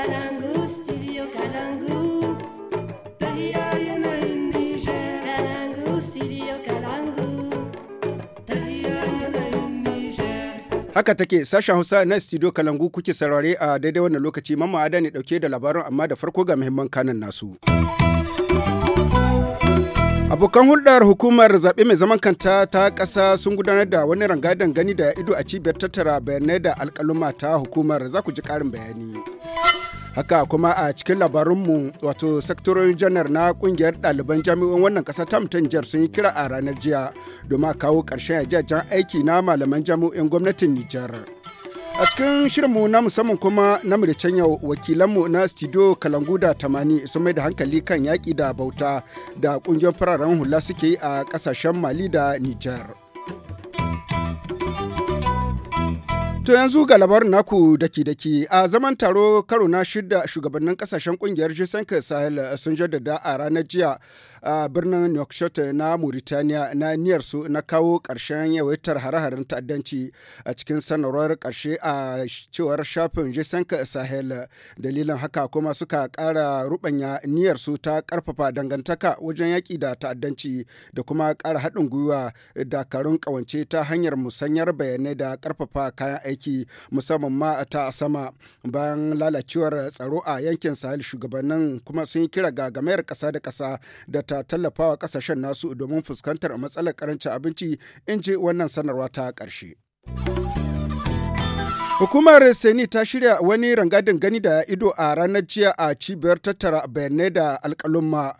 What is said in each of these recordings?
Kalangu, Haka take sashen Hausa na studio Kalangu kuke saurare a daidai wannan lokaci mamma ada ne dauke da labarin amma da farko ga muhimman kanan nasu. abokan hulɗar hukumar zaɓe mai zaman kanta ta ƙasa sun gudanar da wani rangadan gani da ido a cibiyar tattara bayanai da alƙaluma ta hukumar za ku ji ƙarin bayani. haka kuma a cikin labarinmu wato sektorin janar na kungiyar ɗaliban jami'in wannan ƙasa ta jihar sun yi kira a ranar jiya domin a kawo ƙarshen yajajen aiki na malaman jami'in gwamnatin nijar a cikin shirinmu na musamman kuma na can yau wakilanmu na studio kalangu da tamani sun mai da hankali kan yaƙi da bauta da ƙungiyar fararen hula suke yi a ƙasashen mali da nijar To yanzu ga labarin naku daki-daki a zaman taro karo na shida shugabannin kasashen kungiyar g Sahel eh, sun jaddada a ranar jiya a birnin Nouakchott na Mauritania na niyar su na kawo ƙarshen yawaitar hare-haren ta'addanci a cikin sanarwar ƙarshe a cewar shafin g Sahel. Dalilin haka kuma suka ƙara rubanya niyar su ta karfafa dangantaka wajen yaƙi da ta'addanci da kuma ƙara haɗin gwiwa dakarun ƙawance ta hanyar musanyar bayanai da ƙarfafa kayan aiki musamman ma ta sama bayan lalacewar tsaro a yankin sahel shugabannin kuma sun yi kira ga gamayar ƙasa da ƙasa da ta tallafawa ƙasashen nasu domin fuskantar matsalar karancin abinci in je wannan sanarwa ta ƙarshe. Hukumar Seni ta shirya wani rangadin gani da ido a ranar jiya a cibiyar tattara bayanai da alkalumma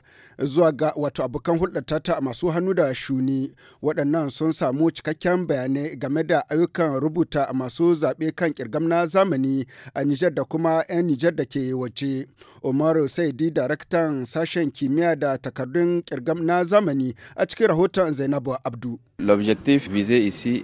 zuwa ga wato abokan hulɗar ta masu hannu da shuni waɗannan sun samu cikakken bayanai game da ayyukan rubuta masu zaɓe kan kirgam na zamani a Nijar da kuma 'yan Nijar da ke waje. omaru Saidi daraktan sashen kimiyya da takardun kirgam na zamani a cikin rahoton Zainabu Abdu. L'objectif visé ici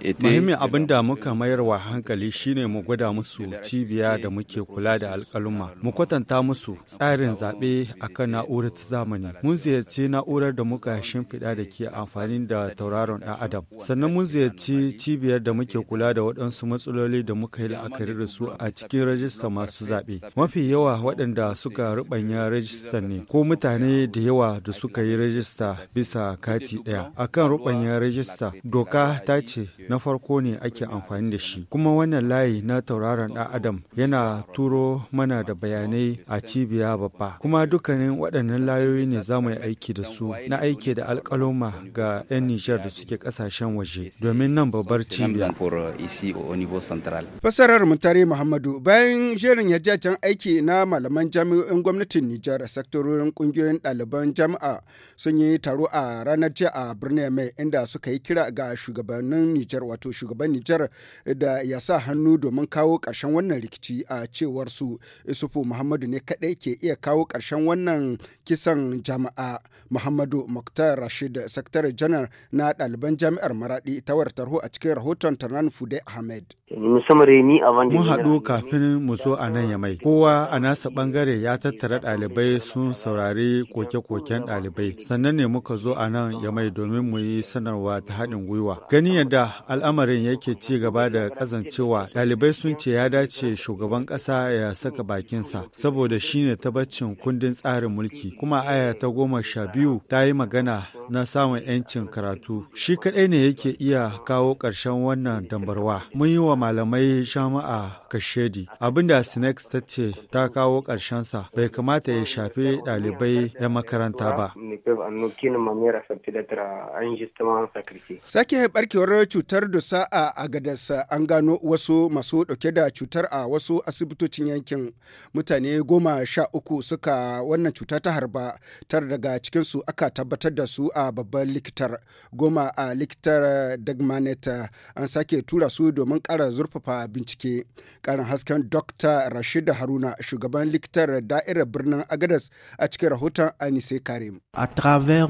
abin da muka mayar wa hankali shine mu gwada musu cibiya da muke kula da alkaluma. Mu kwatanta musu tsarin zaɓe akan na'urar zamani. Mun ziyarci na'urar da muka shimfiɗa da ke amfani da tauraron ɗan adam sannan mun ziyarci cibiyar da muke kula da waɗansu matsaloli da muka yi la'akari da su a cikin rajista masu zaɓe mafi yawa waɗanda suka ruɓanya rajista ne ko mutane da yawa da suka yi rajista bisa kati ɗaya akan ruɓanya rajista doka ta ce na farko ne ake amfani da shi kuma wannan layi na tauraron ɗan adam yana turo mana da bayanai a cibiya babba kuma dukkanin waɗannan layoyi ne za mu yi yi aiki da su na aiki da alkaloma ga 'yan Nijar da suke kasashen waje domin nan babbar cibiya. Fasarar Mutare Muhammadu bayan jerin yajajen aiki na malaman jami'o'in gwamnatin Nijar saktorin kungiyoyin ɗaliban jama'a, sun yi taro a ranar jiya a birnin mai inda suka yi kira ga shugabannin Nijar wato shugaban Nijar da ya sa hannu domin kawo ƙarshen wannan rikici a cewar su Isufu Muhammadu ne kaɗai ke iya kawo ƙarshen wannan kisan jama'a. a Muhammadu Muktar Rashid Sakatare Janar na ɗaliban Jami'ar Maraɗi ta wartar a cikin rahoton Tanan Fude Ahmed. Mun haɗu kafin mu zo a nan yamai. Kowa a nasa ɓangare ya tattara ɗalibai sun saurari koke-koken ɗalibai. Sannan ne muka zo a nan yamai domin mu yi sanarwa ta haɗin gwiwa. Gani yadda al'amarin yake ci gaba da ƙazancewa ɗalibai sun ce ya dace shugaban ƙasa ya saka bakinsa saboda shine tabbacin kundin tsarin mulki kuma aya ta goma goma sha biyu ta yi magana na samun 'yancin karatu. Shi kadai ne yake iya kawo ƙarshen wannan dambarwa. Mun yi wa malamai shama'a kashedi. Abin da Sinex ta ce ta kawo ƙarshensa bai kamata ya shafe ɗalibai 'yan makaranta ba. Sake barkewar cutar sa'a a Agadas an gano wasu masu dauke da cutar a wasu asibitocin yankin. Mutane goma sha uku suka wannan cuta ta harba tar da daga cikinsu aka tabbatar da su a babban likitar goma a likitar dagmanet eh, an sake tura su domin kara zurfafa bincike karin hasken dokta rashida haruna shugaban likitar da'irar birnin agadas a cikin rahoton anise karim a travers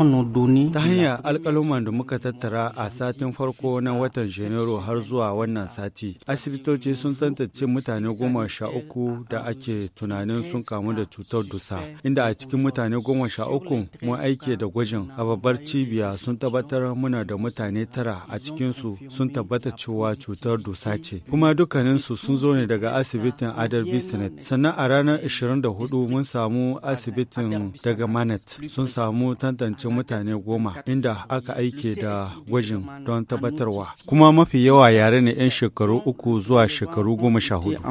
ta hanyar alkaloman da muka tattara a satin farko na watan janairu har zuwa wannan sati asibitoci sun tantance mutane goma sha uku da ake tunanin sun kamu da cutar dusa inda a cikin mutane goma sha uku ukun mu aike da gwajin a babbar cibiya sun tabbatar muna da mutane tara a cikinsu sun tabbata cewa cutar dusa ce kuma dukkaninsu sun zo ne daga asibitin adar bisnet sannan a ranar 24 mun samu asibitin daga manet sun samu tantance mutane goma inda aka aike da gwajin don tabbatarwa kuma mafi yawa yare ne 'yan shekaru uku zuwa shekaru goma sha hudu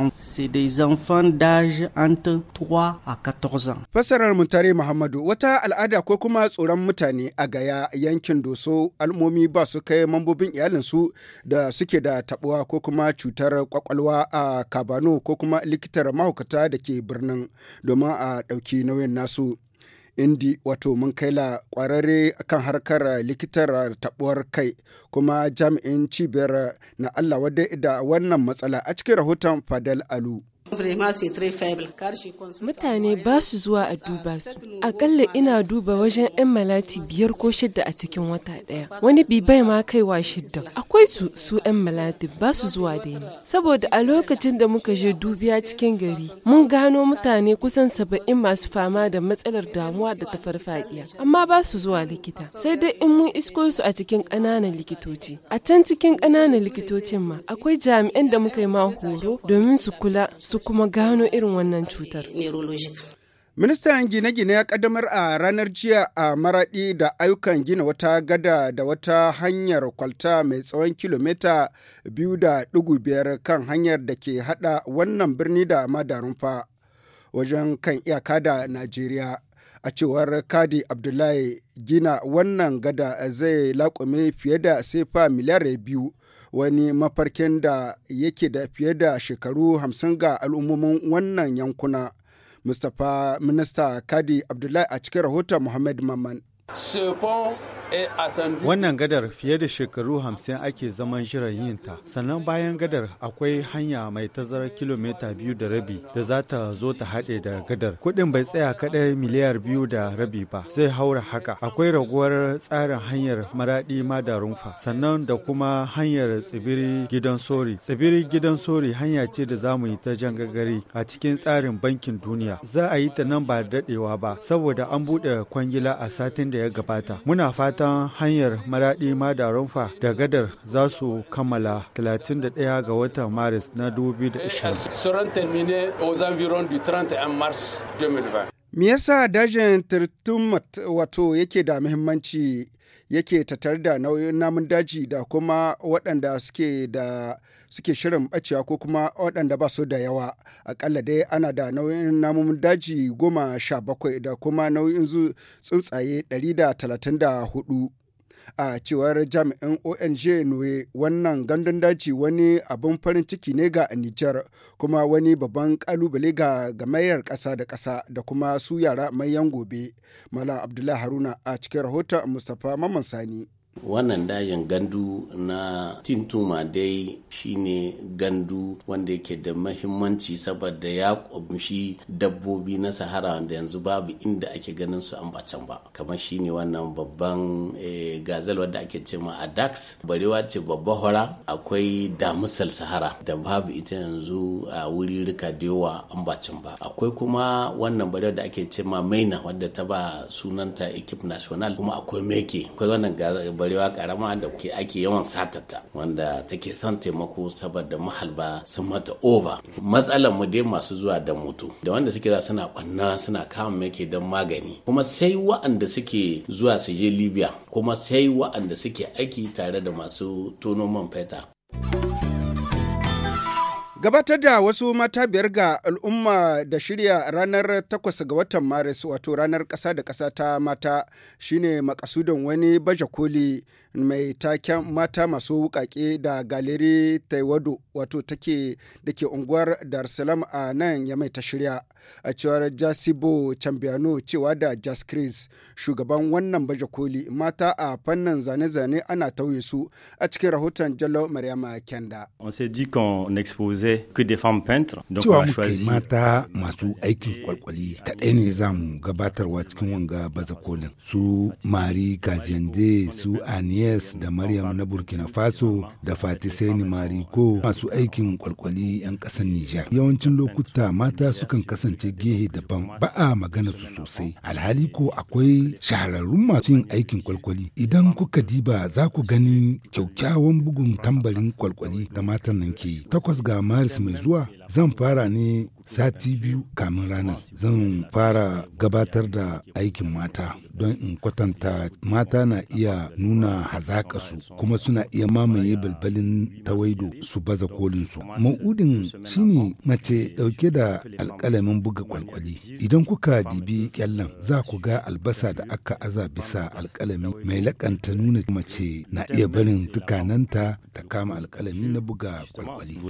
fasarar mutare muhammadu wata al al'ada ko kuma tsoron mutane a gaya yankin doso al'ummomi ba su kai mambobin iyalinsu da suke da tabuwa ko kuma cutar kwakwalwa a kabano ko kuma likitar mahaukata da ke birnin domin a ɗauki nauyin nasu. indi wato mun kai la kwararre kan harkar likitar tabuwar kai kuma jami'in cibiyar na Allah wadda da wannan matsala a cikin rahoton Fadel Alu. Mutane ba su zuwa a duba su. Akalla ina duba wajen 'yan malati biyar ko shidda a cikin wata ɗaya. Wani bi bibai ma kaiwa shidda. Akwai su su 'yan malati ba su zuwa da ni. Saboda a lokacin da muka je dubiya cikin gari, mun gano mutane kusan saba'in masu fama da matsalar damuwa da ta farfadiya. Amma ba su zuwa likita. Sai dai in mun isko su a cikin ƙananan likitoci. A can cikin ƙananan likitocin ma akwai jami'an da muka yi ma horo domin su kula su su kuma gano irin wannan cutar. Ministan gine-gine ya kaddamar a ranar jiya a Maraɗi da ayyukan gina wata gada da wata hanyar kwalta mai tsawon kilomita biyu da ɗugu biyar kan hanyar da ke haɗa wannan birni da madarunfa wajen kan iyaka da Najeriya. A cewar Kadi Abdullahi gina wannan gada zai laƙume fiye da sefa miliyar biyu wani mafarkin da yake da fiye da shekaru hamsin ga al'ummomin wannan yankuna. Mustapha Minista Kadi Abdullahi a cikin rahoton Muhammad Maman. Wannan gadar fiye da shekaru hamsin ake zaman jiran ta. Sannan bayan gadar akwai hanya mai tazara kilomita biyu da rabi da za ta zo ta haɗe da gadar. Kuɗin bai tsaya kaɗai miliyar biyu da rabi ba, zai haura haka. Akwai raguwar tsarin hanyar maraɗi rumfa. sannan da kuma hanyar tsibiri gidan sori. Tsibiri gidan sori hanya ce da za mu yi ta jan gagari a cikin tsarin bankin duniya. Za a yi ta nan ba daɗewa ba, saboda an buɗe kwangila a satin da da ya gabata. Muna fatan hanyar maraɗi madarunfa da gadar za su kammala 31 ga watan Maris na 2020. Me yasa dajin Tirtumat wato yake da muhimmanci yake tattare da nauyin namun daji da kuma waɗanda suke da shirin ɓacewa ko kuma waɗanda ba su da yawa aƙalla dai ana da nauyin namun daji goma sha bakwai da kuma nauyin tsuntsaye ɗari da talatin da hudu. A cewar jami'in ONG Noe wannan gandun daji wani abin farin ciki ne ga Nijar kuma wani babban kalubale ga gamayyar ƙasa da ƙasa da kuma su yara yan gobe. Malam Abdullahi Haruna a cikin rahoton Mustapha Mamman Sani. wannan dajin gandu na tintuma dai shine gandu wanda yake da mahimmanci saboda ya kumshi dabbobi na sahara wanda yanzu babu inda ake ganin su an bacan ba kamar shine wannan babban eh, gazal wanda ake ce ma adax barewa ce babba hora akwai damisal sahara da babu ita yanzu a wuri rika da yawa an bacan ba akwai kuma wannan barewa da ake ce ma maina wadda ta ba sunanta ekip national kuma akwai meke akwai wannan barewa karama da ke ake yawan satata wanda take son taimako saboda mahalba sun mata over matsalar mu dai masu zuwa da moto da wanda suke za suna kwanna suna kama ke don magani kuma sai wa'anda suke zuwa su je libya kuma sai wa'anda suke aiki tare da masu tono man feta Gabatar da wasu mata biyar ga al'umma da shirya ranar 8 ga watan Maris wato ranar ƙasa da ƙasa ta mata shine makasudin wani baje koli mai taken mata masu wukake da galeri taiwado wato take da ke unguwar dar salam a nan ya mai ta shirya a cewar jasibo cambiano cewa da jas chris shugaban wannan baje koli mata a fannin zane-zane ana tauye su a cikin rahoton jallo maryama kenda cewa muke mata masu aikin kwalkwali kaɗai ne za mu gabatarwa cikin wanga baza kolin su mari gaziyande su aniye Agnes da Maryam na Burkina Faso da Fatisaini Mariko masu aikin kwalkwali 'yan ƙasar Nijar. Yawancin lokuta mata sukan kasance gehe daban ba a magana su sosai. Alhali ko akwai shahararrun masu yin aikin kwalkwali. Idan kuka diba za ku ganin kyaukyawan bugun tambarin kwalkwali da matan nan ke. Takwas ga Maris mai zuwa zan fara ne sati biyu kamin ranar zan fara gabatar da aikin mata don in kwatanta mata na iya nuna su kuma suna iya mamaye balbalin tawaido su baza kolinsu. Ma'udin shine mace dauke da alkalamin buga kwalkwali. Idan kuka dibi kyallan za ku ga albasa da aka aza bisa alkalami mai lakanta nuna mace na iya barin tukananta ta kama alkalami na buga kwalkwali.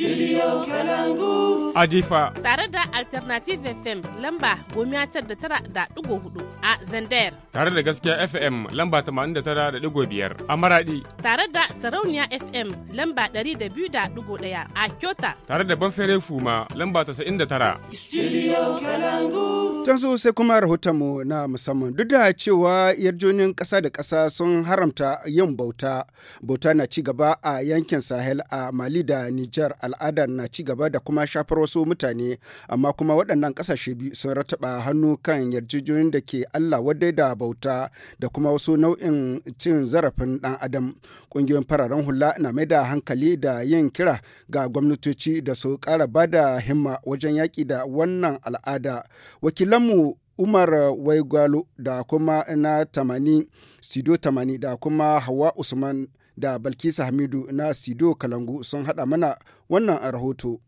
Studio Kalangu. Adifa. Tare da Alternative FM lamba gomiya tar da tara da ɗigo hudu a zander. Tare da gaskiya FM lamba tamanin da tara da ɗigo biyar a Maradi. Tare da Sarauniya FM lamba ɗari da biyu da ɗigo ɗaya a Kyota. Tare da Banfere Fuma lamba tasa'in da tara. Studio Kalangu. Can so sai kuma mu na musamman duk da cewa yarjonin ƙasa da ƙasa sun haramta yin bauta. Bauta na ci gaba a yankin Sahel a Mali da Nijar a al'ada na ci gaba da kuma shafar wasu mutane amma kuma waɗannan ƙasashe biyu sun rataba hannu kan yarjejiyoyin da ke Allah wadai da bauta da kuma wasu nau'in cin zarafin ɗan adam. Ƙungiyoyin fararen hula na mai da hankali da yin kira ga gwamnatoci da su ƙara ba da himma wajen yaƙi da wannan al'ada. Wakilanmu Umar Waigwalo da kuma na tamani Sido tamani da kuma Hawa Usman da Balkisa Hamidu na Sido Kalangu sun haɗa mana wannan rahoto.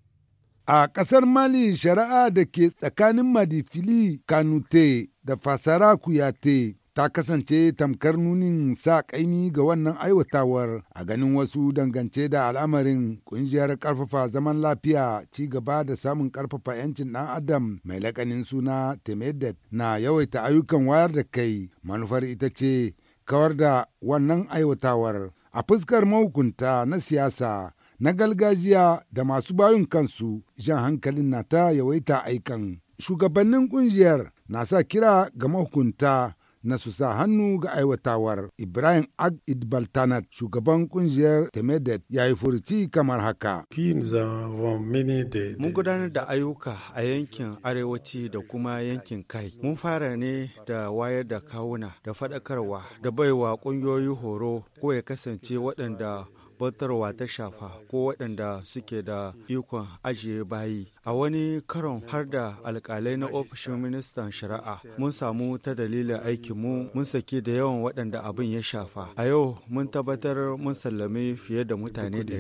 A ƙasar Mali shari'a da ke tsakanin Madifili Kanute da Fasara Kuyate ta kasance tamkar nunin sa kaini ga wannan aiwatawar a ganin wasu dangance da al'amarin kungiyar ƙarfafa zaman lafiya ci gaba da samun ƙarfafa 'yancin ɗan adam mai laƙanin suna temedet na yawaita ayyukan wayar da kai manufar ita ce kawar da wannan aiwatawar a fuskar mahukunta na siyasa na galgajiya da masu bayun kansu jan hankalin na ta yawaita aikan. Shugabannin ƙungiyar na sa kira ga mahukunta na su sa hannu ga aiwatawar. Ibrahim Ag Idbaltanat, shugaban kungiyar Temedet, ya yi furuci kamar haka. Mun gudanar da ayyuka a yankin arewaci da kuma yankin kai. Mun fara ne da wayar da kawuna da faɗakarwa da baiwa ƙungiyoyi horo ko ya kasance waɗanda tabbatarwa ta shafa ko waɗanda suke da ikon ajiye bayi. A wani karon har da alkalai na ofishin ministan shari'a mun samu ta dalilin mu mun saki da yawan waɗanda abin ya shafa. A yau mun tabbatar mun sallame fiye da mutane da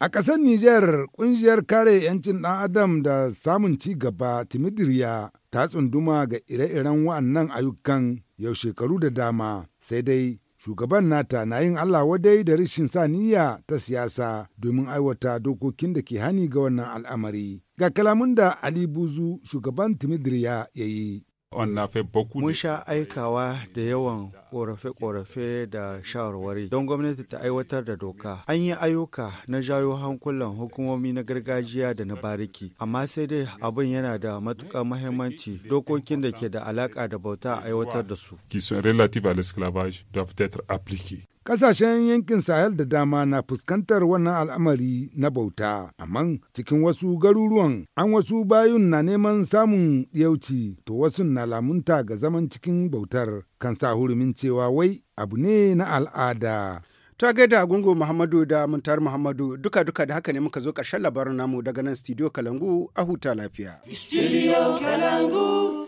A ƙasar Nijar, ƙungiyar kare 'yancin ɗan Adam da samun ci gaba Timidiriya ta tsunduma ga ire-iren wa'annan ayyukan yau shekaru da dama, sai dai Shugaban nata na yin Allah wadai da rashin sa ta siyasa domin aiwata dokokin da ke hani ga wannan al'amari. Ga kalamun da Ali Buzu shugaban Timidiriya ya yi. Mun sha aikawa da yawan ƙorafe korafe da shawarwari don gwamnati ta aiwatar da doka. An yi ayyuka na jayo hankulan hukumomi na gargajiya da na bariki, amma sai dai abin yana da matuƙar mahimmanci dokokin da ke da alaƙa da bauta aiwatar da su. Ƙasashen yankin Sahel da dama na fuskantar wannan al'amari na bauta, amma cikin wasu garuruwan an wasu bayun na neman samun yauci to wasu na lamunta ga zaman cikin bautar kan sa hurumin cewa wai abu ne na al'ada. ta gaida gungun muhammadu da muntar muhammadu duka duka da haka ne muka zo ƙarshen labarin namu daga nan studio kalangu a huta lafiya. studio kalangu.